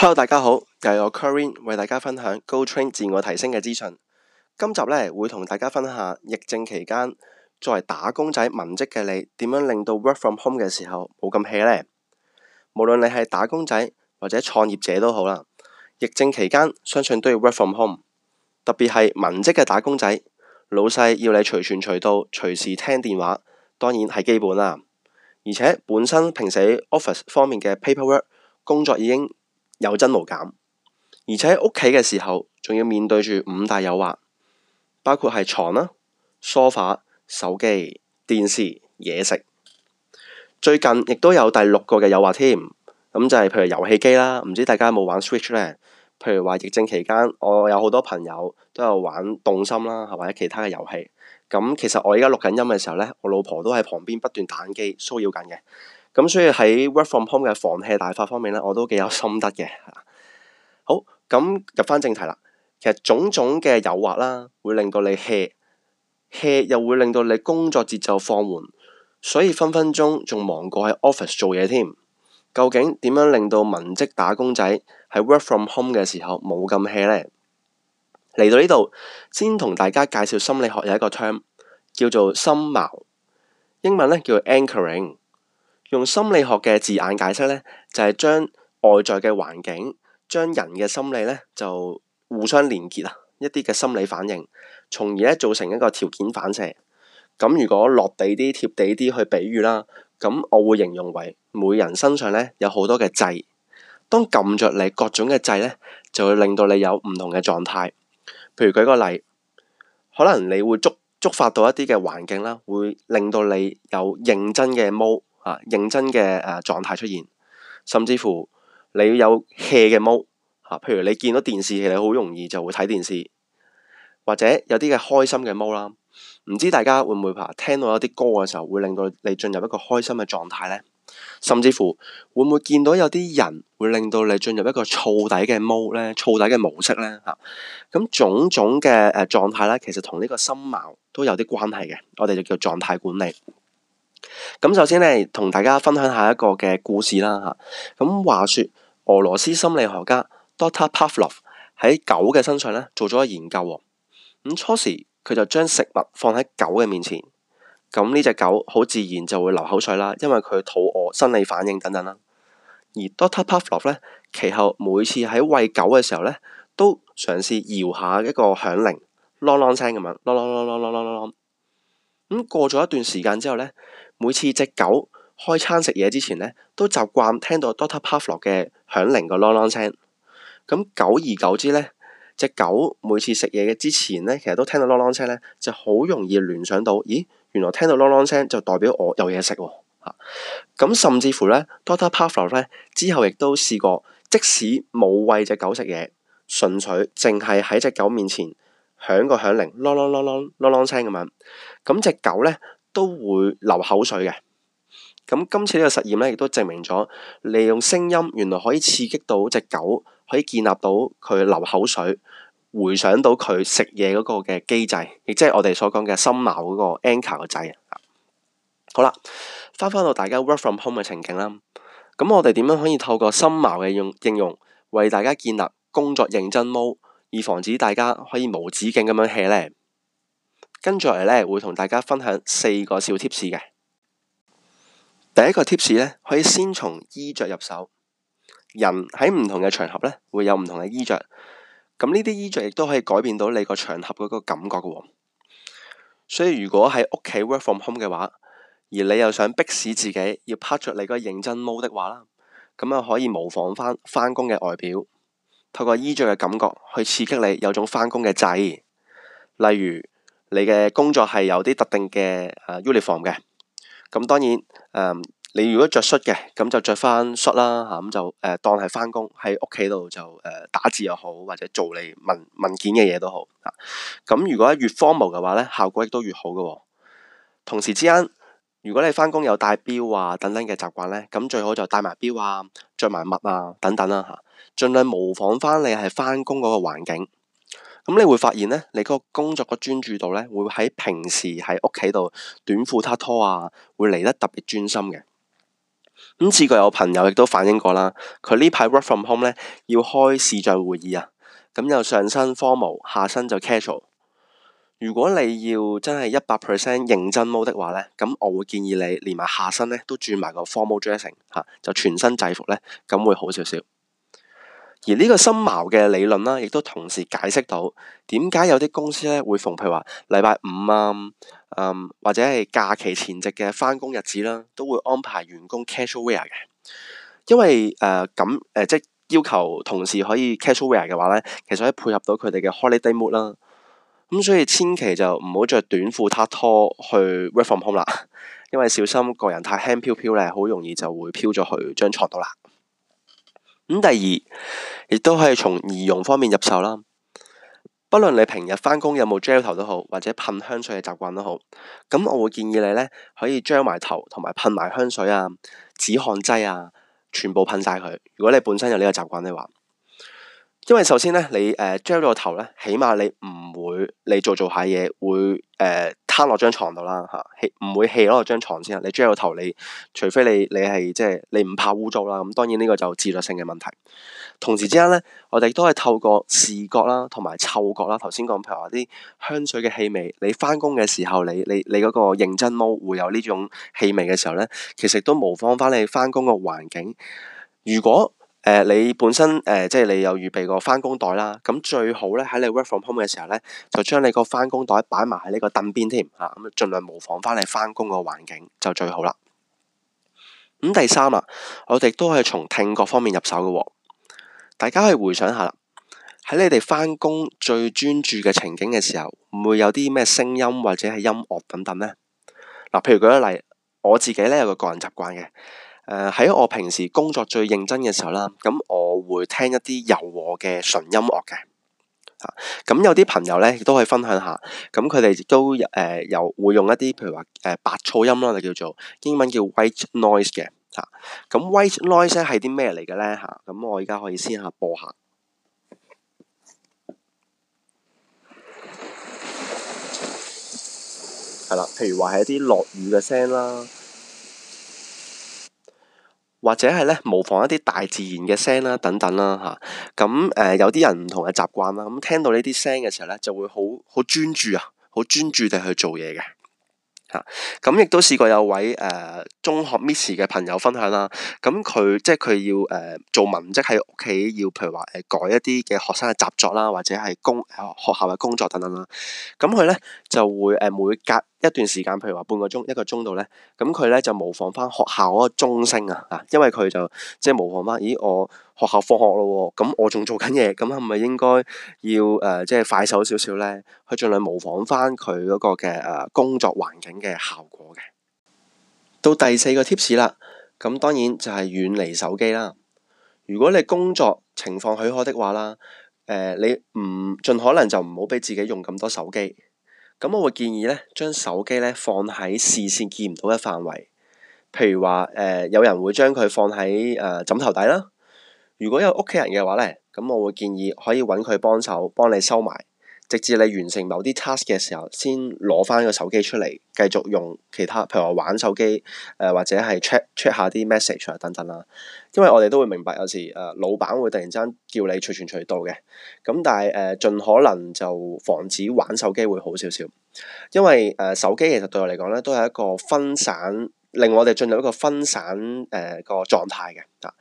hello，大家好，又係我 Corin 為大家分享 Go Train 自我提升嘅資訊。今集咧會同大家分享下疫症期間作為打工仔文職嘅你點樣令到 work from home 嘅時候冇咁氣呢？無論你係打工仔或者創業者都好啦，疫症期間相信都要 work from home，特別係文職嘅打工仔，老細要你隨傳隨到，隨時聽電話，當然係基本啦。而且本身平時 office 方面嘅 paperwork 工作已經有增無減，而且喺屋企嘅時候，仲要面對住五大誘惑，包括係床啦、梳化、手機、電視、嘢食。最近亦都有第六個嘅誘惑添，咁就係譬如遊戲機啦。唔知大家有冇玩 Switch 咧？譬如話疫症期間，我有好多朋友都有玩動心啦，或者其他嘅遊戲。咁其實我而家錄緊音嘅時候呢，我老婆都喺旁邊不斷打機騷擾緊嘅。咁所以喺 work from home 嘅防 hea 大法方面咧，我都幾有心得嘅。好，咁入翻正題啦。其實種種嘅誘惑啦，會令到你 hea，hea，又會令到你工作節奏放緩，所以分分鐘仲忙過喺 office 做嘢添。究竟點樣令到文職打工仔喺 work from home 嘅時候冇咁 hea 咧？嚟到呢度先同大家介紹心理學有一個 term 叫做心錨，英文咧叫 anchoring。用心理學嘅字眼解釋咧，就係、是、將外在嘅環境，將人嘅心理咧就互相連結啊，一啲嘅心理反應，從而咧造成一個條件反射。咁如果落地啲、貼地啲去比喻啦，咁我會形容為每人身上咧有好多嘅掣，當撳着你各種嘅掣咧，就會令到你有唔同嘅狀態。譬如舉個例，可能你會觸觸發到一啲嘅環境啦，會令到你有認真嘅模。啊，認真嘅誒狀態出現，甚至乎你有 hea 嘅 mode 吓，譬如你見到電視，其實好容易就會睇電視，或者有啲嘅開心嘅 mode 啦。唔知大家會唔會話聽到有啲歌嘅時候，會令到你進入一個開心嘅狀態咧？甚至乎會唔會見到有啲人會令到你進入一個燥底嘅 mode 咧、燥底嘅模式咧嚇？咁種種嘅誒狀態啦，其實同呢個心貌都有啲關係嘅，我哋就叫狀態管理。咁首先咧，同大家分享下一個嘅故事啦吓。咁話說，俄羅斯心理學家 Dr. Pavlov 喺狗嘅身上咧做咗個研究。咁初時佢就將食物放喺狗嘅面前，咁呢隻狗好自然就會流口水啦，因為佢肚餓、生理反應等等啦。而 Dr. Pavlov 咧，其後每次喺餵狗嘅時候咧，都嘗試搖下一個響鈴啷啷聲咁樣啷啷啷啷啷啷啷啷。咁過咗一段時間之後咧。每次隻狗開餐食嘢之前咧，都習慣聽到 Dr. Pavlov 嘅響鈴個啷啷聲。咁久而久之咧，隻狗每次食嘢嘅之前咧，其實都聽到啷啷聲咧，就好容易聯想到，咦，原來聽到啷啷聲就代表我有嘢食喎嚇。咁甚至乎咧 Dr. Pavlov 咧之後亦都試過，即使冇餵隻狗食嘢，純粹淨係喺隻狗面前響個響鈴啷啷啷啷啷啷聲咁樣，咁隻狗咧。都會流口水嘅。咁今次呢個實驗咧，亦都證明咗利用聲音原來可以刺激到隻狗，可以建立到佢流口水，回想到佢食嘢嗰個嘅機制，亦即係我哋所講嘅心錨嗰個 anchor 嘅掣。好啦，翻返到大家 work from home 嘅情景啦。咁我哋點樣可以透過心錨嘅用應用，為大家建立工作認真 mode，以防止大家可以無止境咁樣 hea 呢？跟住嚟咧，會同大家分享四個小貼士嘅。第一個貼士咧，可以先從衣着入手。人喺唔同嘅場合咧，會有唔同嘅衣着。咁呢啲衣着亦都可以改變到你個場合嗰個感覺嘅。所以如果喺屋企 work from home 嘅話，而你又想逼使自己要拍着你個認真模的話啦，咁啊可以模仿翻翻工嘅外表，透過衣着嘅感覺去刺激你有種翻工嘅掣，例如。你嘅工作係有啲特定嘅誒 uniform 嘅，咁當然誒、嗯，你如果着恤嘅，咁就着翻恤啦嚇，咁就誒、呃、當係翻工，喺屋企度就誒、呃、打字又好，或者做你文文件嘅嘢都好。咁、啊啊、如果越荒謬嘅話咧，效果亦都越好嘅喎、哦。同時之間，如果你翻工有戴錶啊等等嘅習慣咧，咁最好就戴埋錶啊，着埋襪啊等等啦嚇、啊，盡量模仿翻你係翻工嗰個環境。咁你會發現咧，你嗰個工作嘅專注度咧，會喺平時喺屋企度短褲踢拖啊，會嚟得特別專心嘅。咁試過有朋友亦都反映過啦，佢呢排 work from home 咧要開視像會議啊，咁又上身 formal 下身就 casual。如果你要真係一百 percent 認真 mode 的話咧，咁我會建議你連埋下身咧都轉埋個 formal dressing 吓、啊，就全身制服咧，咁會好少少。而個深呢個心錨嘅理論啦，亦都同時解釋到點解有啲公司咧會逢譬如話禮拜五啊，嗯或者係假期前夕嘅返工日子啦，都會安排員工 casual wear 嘅，因為誒咁誒即要求同事可以 casual wear 嘅話咧，其實可以配合到佢哋嘅 holiday mood 啦，咁、嗯、所以千祈就唔好着短褲、t 拖去 work from home 啦，因為小心個人太輕飄飄咧，好容易就會飄咗去張床度啦。咁第二，亦都可以從儀容方面入手啦。不論你平日返工有冇 Gel 頭都好，或者噴香水嘅習慣都好，咁我會建議你咧可以 Gel 埋頭同埋噴埋香水啊、止汗劑啊，全部噴晒佢。如果你本身有呢個習慣嘅話。因為首先咧，你誒遮咗個頭咧，起碼你唔會你做做下嘢會誒、呃、攤落張床度啦吓，唔會氣攞落張床先。你遮咗個頭，你除非你你係即係你唔怕污糟啦。咁、嗯、當然呢個就自律性嘅問題。同時之間咧，我哋都係透過視覺啦，同埋嗅覺啦。頭先講譬如話啲香水嘅氣味，你翻工嘅時候，你你你嗰個認真擼會有呢種氣味嘅時候咧，其實都模仿翻你翻工嘅環境。如果誒、呃，你本身誒、呃，即係你有預備個翻工袋啦。咁最好咧，喺你 work from home 嘅時候咧，就將你個翻工袋擺埋喺呢個凳邊添嚇，咁、啊、儘量模仿翻你翻工個環境就最好啦。咁、嗯、第三啊，我哋都係從聽覺方面入手嘅喎。大家可以回想下啦，喺你哋翻工最專注嘅情景嘅時候，唔會有啲咩聲音或者係音樂等等咧？嗱、呃，譬如舉個例，我自己咧有個個人習慣嘅。誒喺、呃、我平時工作最認真嘅時候啦，咁我會聽一啲柔和嘅純音樂嘅嚇。咁、啊、有啲朋友咧亦都可以分享下，咁佢哋亦都誒又、呃、會用一啲譬如話誒、呃、白噪音啦，就叫做英文叫 white noise 嘅嚇。咁、啊、white noise 係啲咩嚟嘅咧嚇？咁、啊、我而家可以先下播下。係啦，譬如話係一啲落雨嘅聲啦。或者係咧模仿一啲大自然嘅聲啦，等等啦吓。咁、啊、誒、呃，有啲人唔同嘅習慣啦。咁、啊、聽到呢啲聲嘅時候咧，就會好好專注啊，好專注地去做嘢嘅。吓咁亦都試過有位誒、呃、中學 Miss 嘅朋友分享啦。咁、啊、佢、嗯、即係佢要誒、呃、做文職喺屋企，要譬如話誒改一啲嘅學生嘅習作啦，或者係工、呃、學校嘅工作等等啦。咁佢咧就會誒每隔。一段時間，譬如話半個鐘、一個鐘度咧，咁佢咧就模仿翻學校嗰個鐘聲啊，啊，因為佢就即係模仿翻，咦，我學校放學咯喎，咁我仲做緊嘢，咁係咪應該要誒、呃、即係快手少少咧？去盡量模仿翻佢嗰個嘅誒工作環境嘅效果嘅。到第四個 tips 啦，咁當然就係遠離手機啦。如果你工作情況許可的話啦，誒、呃、你唔盡可能就唔好俾自己用咁多手機。咁我會建議咧，將手機咧放喺視線見唔到嘅範圍，譬如話誒、呃，有人會將佢放喺誒、呃、枕頭底啦。如果有屋企人嘅話咧，咁我會建議可以揾佢幫手幫你收埋。直至你完成某啲 task 嘅時候，先攞翻個手機出嚟，繼續用其他，譬如話玩手機，誒、呃、或者係 check check 下啲 message 啊等等啦。因為我哋都會明白，有時誒、呃、老闆會突然之間叫你隨傳隨到嘅。咁但係誒、呃，盡可能就防止玩手機會好少少，因為誒、呃、手機其實對我嚟講咧，都係一個分散，令我哋進入一個分散誒、呃、個狀態嘅啊。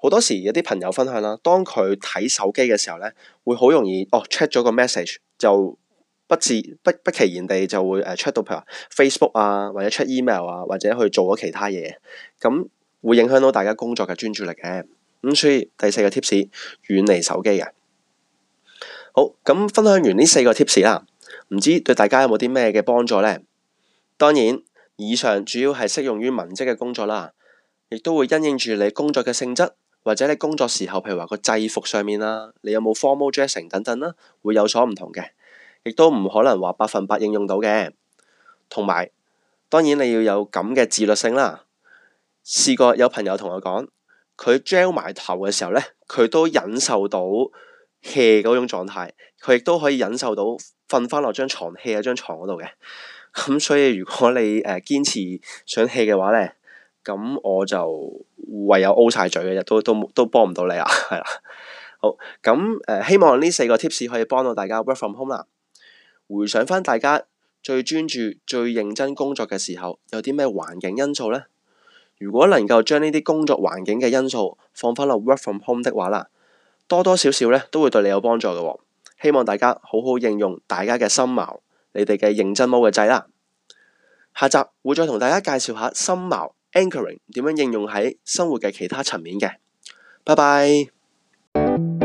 好多時有啲朋友分享啦，當佢睇手機嘅時候咧，會好容易哦 check 咗個 message，就不自不不期然地就會誒 check 到譬如話 Facebook 啊，或者 check email 啊，或者去做咗其他嘢，咁會影響到大家工作嘅專注力嘅。咁所以第四個 tips 遠離手機嘅好。咁分享完呢四個 tips 啦，唔知對大家有冇啲咩嘅幫助呢？當然以上主要係適用於文職嘅工作啦，亦都會因應住你工作嘅性質。或者你工作時候，譬如話個制服上面啦，你有冇 formal dressing 等等啦，會有所唔同嘅，亦都唔可能話百分百應用到嘅。同埋，當然你要有咁嘅自律性啦。試過有朋友同我講，佢 gel 埋頭嘅時候咧，佢都忍受到 hea 嗰種狀態，佢亦都可以忍受到瞓翻落張床 hea 喺張床嗰度嘅。咁所以如果你誒堅持想 hea 嘅話咧。咁我就唯有 O 晒嘴嘅，都都都幫唔到你啊，係啦。好，咁，誒、呃，希望呢四個 tips 可以幫到大家 work from home 啦。回想翻大家最專注、最認真工作嘅時候，有啲咩環境因素呢？如果能夠將呢啲工作環境嘅因素放翻落 work from home 的話啦，多多少少咧都會對你有幫助嘅、哦。希望大家好好應用大家嘅心錨，你哋嘅認真 mode 嘅掣啦。下集會再同大家介紹下心錨。Anchoring 點樣應用喺生活嘅其他層面嘅，拜拜。